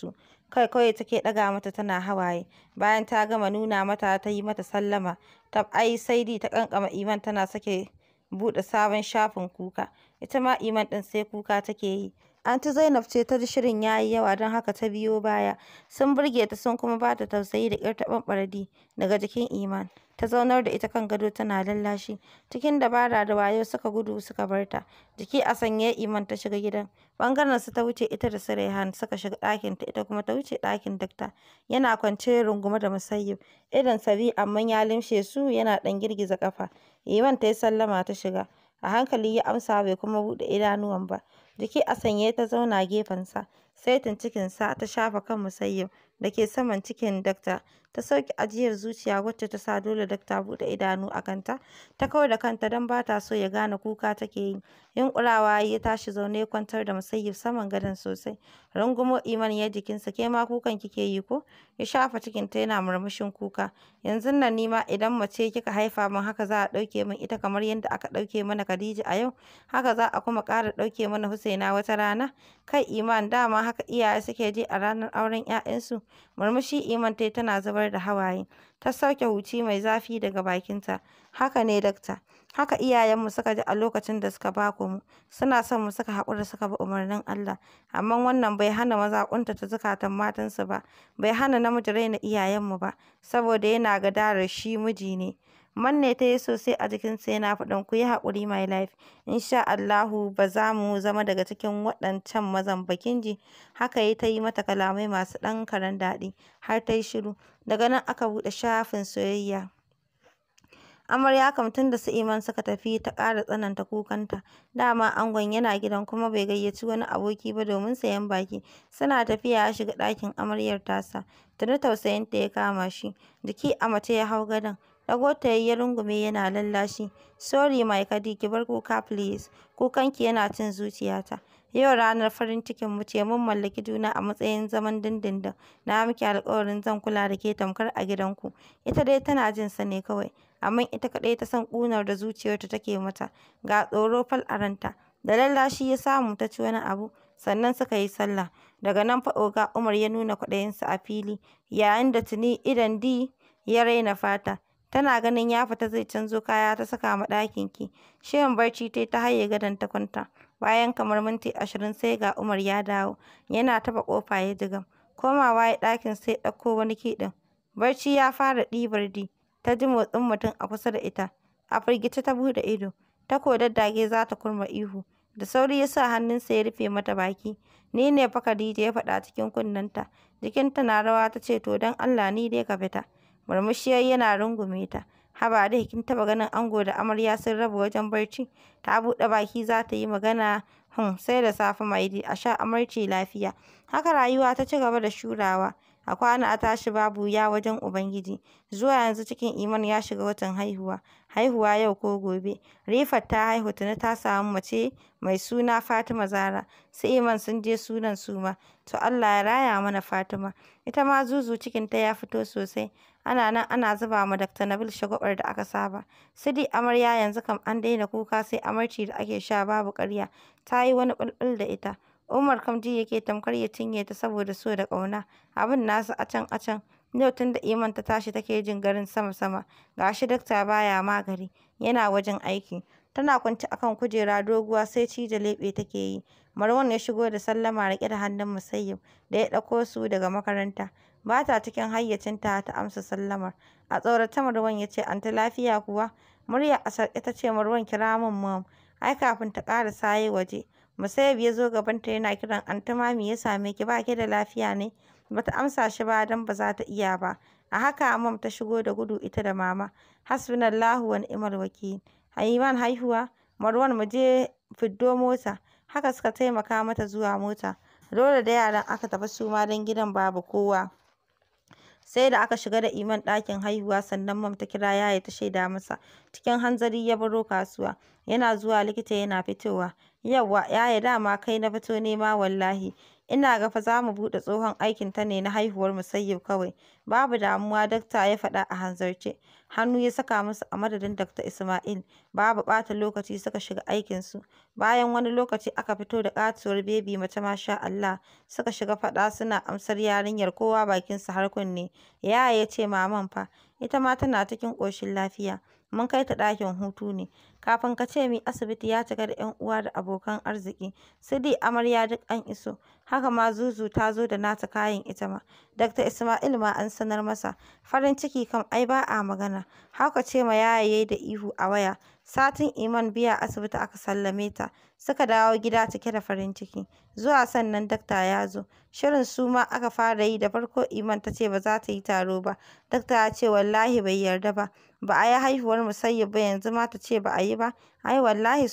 su kai kawai take ɗaga mata tana hawaye bayan ta gama nuna mata ta yi mata sallama ta ai sai ta kankama iman tana sake buɗe sabon shafin kuka ita ma iman ɗin sai kuka take yi Anti Zainab ce ta shirin ya yi yawa don haka ta biyo baya. Sun burge ta sun kuma ba ta tausayi da ƙyar taɓin daga jikin Iman. ta zaunar da ita kan gado tana lallashi. Cikin dabara da wayo suka gudu suka barta. Jiki a sanye Iman ta shiga gidan. bangaren su ta wuce ita da su Raihan suka shiga ɗakin ta ita kuma ta wuce ɗakin dakta. Yana kwance rungume da musayyib. Idon sabi amma ya limshe su yana ɗan girgiza kafa Iman ta yi sallama ta shiga. A hankali ya amsa bai kuma buɗe idanuwan ba. Jiki a sanye ta zauna gefensa. Saitin sa ta shafa kan musayyib da ke saman cikin dakta. ta sauke ajiyar zuciya wacce ta sa dole dakta bude idanu a kanta ta kawar da kanta don ba ta so ya gane kuka take yi yunƙurawa ya tashi zaune kwantar da musayyib saman gadon sosai rungumo iman ya jikinsa ke ma kukan kike yi ko ya shafa cikin ta yana murmushin kuka yanzu nan nima idan mace kika haifa min haka za a dauke min ita kamar yadda aka dauke mana Khadija a yau haka za a kuma kara dauke mana Husaina wata rana kai iman dama haka iyaye suke ji a ranar auren 'ya'yansu murmushi iman tai tana zubar zubar da hawaye, ta sauke huci mai zafi daga bakinta. Haka ne dakta, haka iyayenmu suka ji a lokacin da suka bako mu, suna son mu suka haƙura suka bi umarnin Allah, amma wannan bai hana maza ƙuntata zukatan matansu ba, bai hana namiji raina iyayenmu ba, saboda yana gadarar shi miji ne. manne ta yi sosai a jikin jikinsa yana faɗin ku yi haƙuri my life insha Allahu ba za mu zama daga cikin waɗancan mazan bakinji ji haka ya ta yi mata kalamai masu ɗan karen daɗi har ta yi shiru Daga nan aka buɗe shafin soyayya. Amarya kam tun da su Iman suka tafi ta ƙara tsananta kukanta. Dama angon yana gidan kuma bai gayyaci wani aboki ba domin sayan baki. Suna tafiya ya shiga ɗakin amaryar tasa. Tuni tausayinta ya kama shi. Jiki a mace ya hau gadon. Ɗago ta ya rungume yana lallashi. Sorry my Kadi ki bar kuka please. Kukanki yana cin zuciyata. Yau ranar farin cikin mu ce mun mallaki juna a matsayin zaman dindindin. Na miki alƙawarin zan kula da ke tamkar a gidanku. Ita dai tana jin sa ne kawai, amma ita kaɗai ta san kunar da zuciyarta take mata. Ga tsoro fal a ranta. Da lallashi ya samu ta ci wani abu, sannan suka yi sallah. Daga nan fa ga Umar ya nuna kwaɗayinsa a fili, yayin da tuni idan di ya raina fata. tana ganin ya fita zai canzo kaya ta saka ma ɗakin ki. Shirin barci tai ta haye gadon ta kwanta. Bayan kamar minti ashirin sai ga Umar ya dawo, yana taɓa ƙofa ya jiga Komawa ya ɗakin sai ɗauko wani kiɗin. Barci ya fara ɗibar di, ta ji motsin mutum a kusa da ita. A firgice ta buɗe ido, ta kodaddage za ta kurma ihu. Da sauri ya sa hannunsa ya rufe mata baki. Ni ne fa Khadija ya faɗa cikin kunnenta. Jikinta na rawa ta ce to don Allah ni dai ka fita. Murmushi yana rungume ta. haba dai kin taɓa ganin ango da amarya sun raba wajen barci ta buɗe baki za ta yi magana hmm sai da safe mai a sha amarci lafiya haka rayuwa ta ci gaba da shurawa a kwana a tashi babu wuya wajen Ubangiji. Zuwa yanzu cikin Iman ya shiga watan haihuwa, haihuwa yau ko gobe. Rifat ta haihu tuni ta samu mace mai suna Fatima zara su Iman sun je sunan Suma. To Allah ya raya mana Fatima. Ita ma Zuzu cikin ta ya fito sosai. Ana nan ana zuba ma Dr. Nabil shagwabar da aka saba. Sidi amarya yanzu kam an daina kuka sai amarci da ake sha babu karya. Ta yi wani ɓulɓul da ita. Umar Kamji ji yake tamkar ya cinye ta saboda so da ƙauna, abin nasu a can a can. Yau tun da Iman ta tashi take jin garin sama-sama, ga shi dakta baya magani. yana wajen aiki. Tana kwance a kan kujera doguwa sai da leɓe take yi. Marwan ya shigo da sallama riƙe da hannun Musayyib da ya ɗauko su daga makaranta. Ba ta cikin hayyacinta ta amsa sallamar. A tsorata Marwan ya ce, "Anti lafiya kuwa?" Murya a sarƙe ta ce, "Marwan kira min mam. Ai kafin ta ƙara saye waje. Musayab ya zo gabanta yana kiran "Anti mami ya same ki ba ki da lafiya ne?" Bata amsa shi ba dan ba za ta iya ba. A haka mam ta shigo da gudu ita da Mama. Hasbunallahu wa ni'mal wakil. Haiman haihuwa? Marwan mu je fiddo mota. Haka suka taimaka mata zuwa mota. Dole da yaran aka tafi su ma don gidan babu kowa. sai da aka shiga da Iman ɗakin haihuwa sannan mam ta kira yaya ta shaida masa cikin hanzari ya baro kasuwa yana zuwa likita yana fitowa yawwa yaya dama kai na fito ne ma wallahi ina gafa zamu za mu buɗe tsohon aikin ta ne na haihuwar musayyib kawai babu damuwa dakta ya faɗa a hanzarce hannu ya saka musu a madadin Dr. Ismail. Babu ɓata lokaci suka shiga aikinsu. Bayan wani lokaci aka fito da katuwar bebi mace masha Allah. Suka shiga faɗa suna amsar yarinyar kowa bakin su har kunne. Yaya ya ce maman fa, ita ma tana cikin ƙoshin lafiya. Mun kai ta ɗakin hutu ne. kafin ka ce mi asibiti ya cika da 'yan uwa da abokan arziki su di amarya duk an iso haka ma zuzu ta zo da nata kayan ita ma dr ismail ma an sanar masa farin ciki kam ai ba a magana haka ce ma yayaye da ihu a waya satin iman biya asibiti aka sallame ta suka dawo gida cike da farin ciki zuwa sannan dakta ya zo shirin su ma aka fara yi da farko iman ta ce ba za ta yi taro ba dakta ya ce wallahi bai yarda ba ba a yi haihuwar musayyib ba yanzu ma ta ce ba a yi yi ba, ai wallahi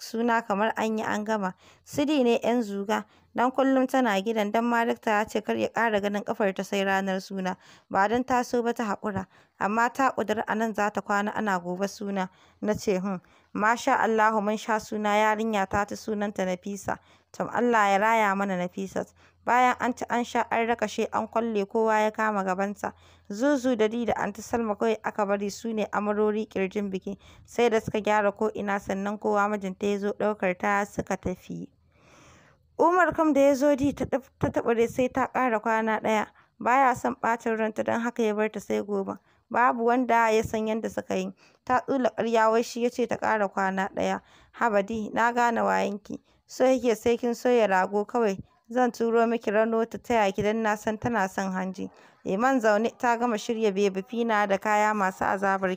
suna kamar an yi an gama. Sidi ne 'yan zuga, Dan kullum tana gidan dan ma ya ce kar ya ƙara ganin ƙafarta sai ranar suna, ba dan ta so ba ta haƙura, amma ta ƙudiri a nan za ta kwana ana gobe suna. Na ce hmm, masha Allahu mun sha suna yarinya ta ta sunanta Nafisa, tom Allah ya raya mana Nafisat. Bayan an ci an sha an rakashe an kwalle kowa ya kama gabansa. Zuzu da dida da Aunty Salma kawai aka bari su ne amarori ƙirjin bikin, sai da suka gyara ko ina sannan kowa mijinta ya zo ɗaukar ta suka tafi. Umar kam da ya zo di ta tabbare sai ta kara kwana ɗaya. baya ya son ɓacin ranta don haka ya bar ta sai gobe Babu wanda ya san yadda suka yi. Ta tsula ƙarya wai shi ya ce ta kara kwana ɗaya. habadi na gane wayenki. So yake sai kin so ya rago kawai. zan turo miki Rano ta taya ki don na san tana son hanji. Iman eh, zaune ta gama shirya bebi na da kaya masu azabar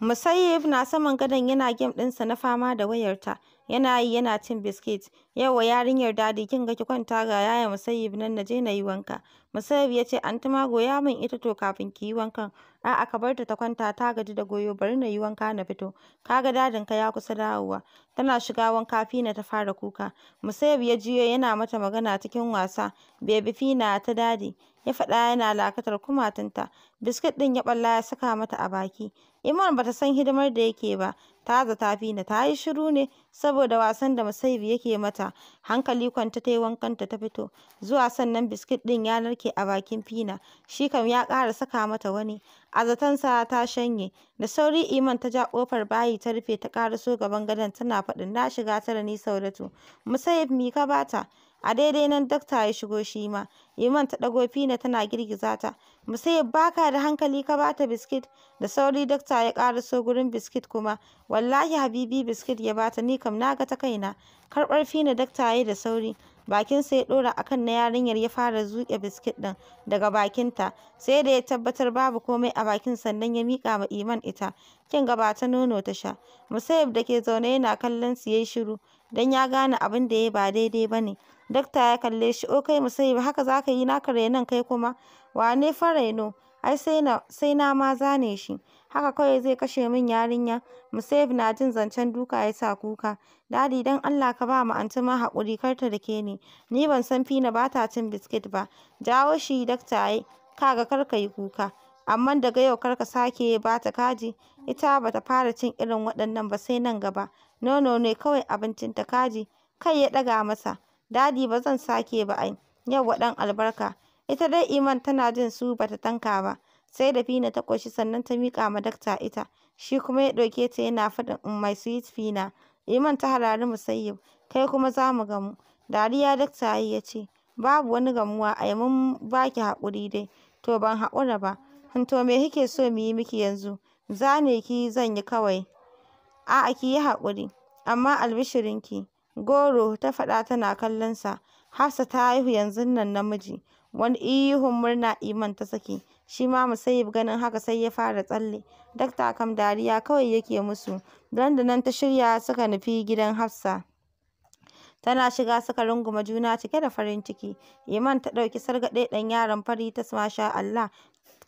Musayyib na saman gadon yana game ɗinsa na fama da wayarta. Yana yi yana cin biskit. wa yarinyar Dadi kin ga ki kwanta ga Yaya Musayib nan na je na yi wanka. Musayib ya ce ta ma goya min ita to kafin ki yi wankan. A'a ka barta ta kwanta ta gaji da goyo bari na yi wanka na fito. kaga dadin ka ya kusa dawowa. Tana shiga wanka Fina ta fara kuka. Musayib ya jiyo yana mata magana cikin wasa. Baby Fina ta Dadi. ya faɗa yana lakatar kumatunta. Biskit ɗin ya ɓalla ya saka mata a baki. Iman bata san hidimar da yake ba, Taza ta fi ni, ta yi shiru ne saboda wasan da Musaibi yake mata. Hankali kwanta ta yi wankanta ta fito. Zuwa sannan biskit ɗin ya narke a bakin Fina. Shi kam ya ƙara saka mata wani. A sa ta shanye. Da sauri Iman ta ja ƙofar bayi ta rufe ta ƙaraso gaban gadon tana faɗin na shiga tara ni Saudatu. Musayib mi ka bata? A daidai nan dakta ya shigo shi ma. Iman ta ɗago Fina tana girgiza ta. Musayib ya baka da hankali ka bata biskit. Da sauri dakta ya karaso gurin biskit kuma. Wallahi Habibi biskit ya bata ni kam na ta kaina. karbar Fina dakta ya da sauri. bakin sa ya ɗora akan na yarinyar ya fara zuke biskit ɗin daga bakin ta. Sai da ya tabbatar babu komai a bakin sannan ya mika ma Iman ita. Kin gaba ta nono ta sha. Musayib da ke zaune yana kallon su shiru. don ya gane abin da ya yi ba daidai ba ne. Dakta ya kalle shi, “O kai haka za ka yi naka renon kai kuma? Wane fa reno? Ai sai na ma zane shi. Haka kawai zai kashe min yarinya.” Musayib na jin zancen duka ya sa kuka. “Dadi don Allah ka ba ma hakuri haƙuri, kar ta dake ni. Ni ban san Fina ba ta cin biskit ba.” Jawo shi Dakta ai “Ka ga kar ka yi kuka.” amma daga yau kar ka sake ba ta kaji, ita ba ta fara cin irin waɗannan ba sai nan gaba, nono ne kawai abincinta kaji, kai ya ɗaga masa, dadi ba zan sake ba ai, yawwa ɗan albarka, ita dai Iman tana jin su ba ta tanka ba, sai da Fina ta ƙoshi sannan ta miƙa ma dakta ita, shi kuma ya ɗauke ta yana faɗin in mm, my sweet Fina, Iman ta harari Musayyib, kai kuma za mu gamu, dariya dakta ya ce, babu wani gamuwa ai mun ba ki haƙuri dai, to ban haƙura ba. To me kike so mu yi miki yanzu? Zane ki zan yi kawai. A'a ki yi haƙuri. Amma ki. goro, ta faɗa tana kallon sa. Hafsa ta haihu yanzun nan namiji. Wani ihun murna Iman ta saki. Shi ma musayib ganin haka sai ya fara tsalle. Dakta kam dariya kawai yake musu. Don da nan ta shirya suka nufi gidan Hafsa. Tana shiga suka runguma juna cike da farin ciki. Iman ta ɗauki sargaɗe ɗan yaron fari ta masha Allah.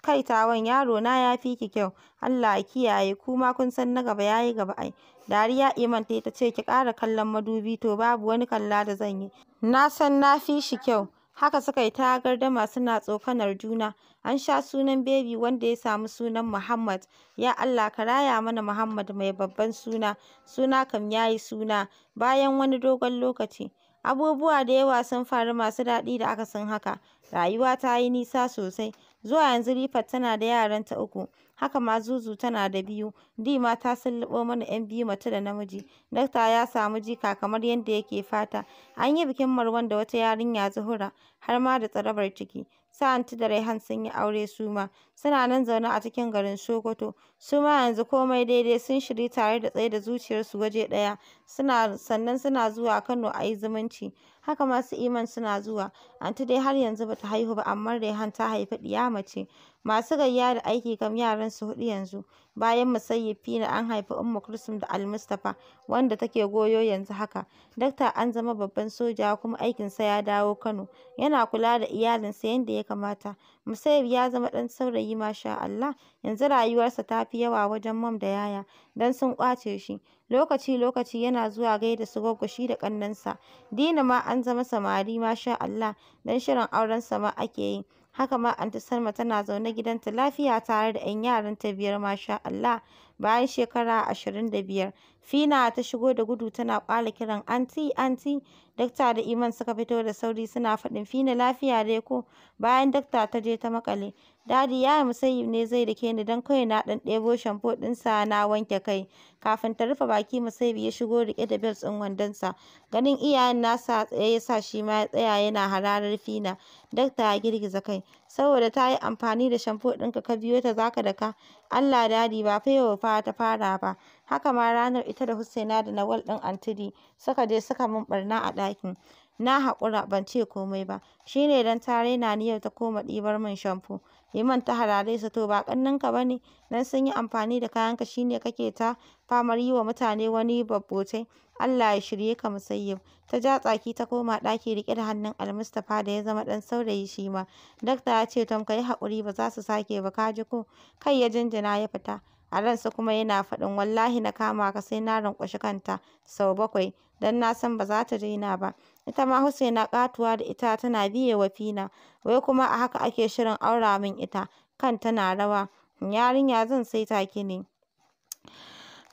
Kai Tawan yarona ya fi ki kyau, Allah a kiyaye kuma ma kun san na gaba ya yi gaba ai. Dariya Iman ta ta ce ki ƙara kallon madubi to babu wani kalla da zan yi. Na san na fi shi kyau. Haka suka yi ta gardama suna tsokanar juna. An sha sunan Baby wanda ya samu sunan Muhammad. Ya Allah ka raya mana Muhammad mai babban suna. Suna kam ya yi suna. Bayan wani dogon lokaci. Abubuwa da yawa sun faru masu daɗi da aka san haka. Rayuwa ta yi nisa sosai. Zuwa yanzu Rifat tana da yaranta uku, haka ma Zuzu tana da biyu. Dima ma ta sulluɓo mana 'yan biyu mace da namiji. Dakta ya samu jika kamar yadda yake fata. An yi bikin Marwan da wata yarinya Zuhura, har ma da tsarabar ciki. Su da Raihan sun yi aure su ma. Suna nan zaune a cikin garin Sokoto. Su ma yanzu komai daidai, sun shiryu tare da tsaida zuciyarsu waje ɗaya. sannan suna zuwa Kano a yi zumunci. Haka ma su Iman suna zuwa. anti dai har yanzu bata haihu ba amma Rayhan ta haifi ɗiya mace. Masu gayya da aiki kam su huɗu yanzu. Bayan na an haifi Ummu Kulsum da Almustapha wanda take goyo yanzu haka. Dakta an zama babban soja kuma aikinsa ya dawo Kano. Yana kula da iyalinsa yadda ya kamata. Musayab ya zama ɗan saurayi masha Allah, yanzu rayuwarsa ta fi yawa wajen mam da Yaya don sun ƙwace shi, lokaci-lokaci yana zuwa gaida su Goggo shi da ƙannensa. Dina ma an zama samari masha Allah, don shirin aurensa ma ake yi. Haka ma Anti Salma tana zaune gidanta lafiya tare da 'yan yaranta biyar masha Allah, bayan shekara ashirin da biyar Fina ta shigo da gudu tana ƙwala kiran anti-anti Dakta da Iman suka fito da sauri suna faɗin "Fina lafiya dai ko?" Bayan Dakta ta je ta makale "Dadi, Yaya musayi ne zai dake ni don kai na ɗan ɗebo shamfo ɗinsa na wanke kai." Kafin ta rufe baki musayi ya shigo riƙe da bel ɗin wandonsa. Ganin iyayen nasa tsaye ya sa shi ma ya tsaya yana hararar Fina. Dakta ya girgiza kai. saboda ta yi amfani da shamfo ɗinka ka biyo ta za ka daka. Allah Dadi ba fa yau fa ta fara ba. Haka ma ranar ita da Hussaina da Nawal ɗin Antidi suka je suka min ɓarna a ɗakin. Na haƙura ban ce komai ba. Shi ne don ta raina niyyar ta koma ɗibar min shamfo. Iman ta harare su to ba ƙannenka ba ne don sun yi amfani da kayanka shi ne kake ta famar yi wa mutane wani babbote Allah ya shirye ka musayyib. Ta ja tsaki ta koma ɗaki riƙe da hannun Almustapha da ya zama ɗan saurayi shi ma. Dakta ya ce Tom ka yi haƙuri ba za su sake ba ka ji ko. Kai ya jinjina ya fita. a ransa kuma yana faɗin wallahi na kama ka sai na ranƙwashi kanta sau bakwai don na san ba za ta daina ba ita ma Husaina ƙatuwa da ita tana biye wa Fina wai kuma a haka ake shirin aura min ita kan tana rawa yarinya zan saita ki ne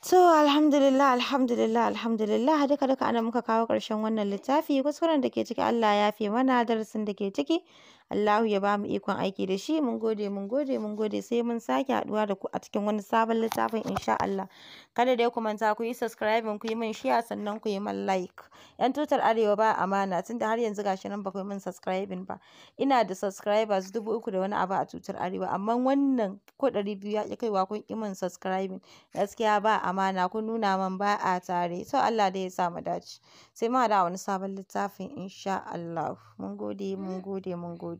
To alhamdulillah alhamdulillah alhamdulillah duka duka ana muka kawo ƙarshen wannan littafi kuskuren da ke ciki Allah ya fi mana darasin da ke ciki Allahu ya ba mu ikon aiki da shi mun gode mun gode mun gode sai mun sake haɗuwa da ku a cikin wani sabon littafin insha Allah kada dai ku manta ku yi subscribe ku yi min share sannan ku yi min like yan tutar arewa ba amana tunda har yanzu gashi nan ba ku yi min subscribing ba ina da subscribers dubu uku da wani abu a tutar arewa amma wannan ko ɗari biyu ya kai kaiwa kun ƙi min subscribing gaskiya ba amana kun nuna min ba a tare to Allah dai ya sa mu dace sai mu hada wani sabon littafin insha Allah mun gode mun gode mun gode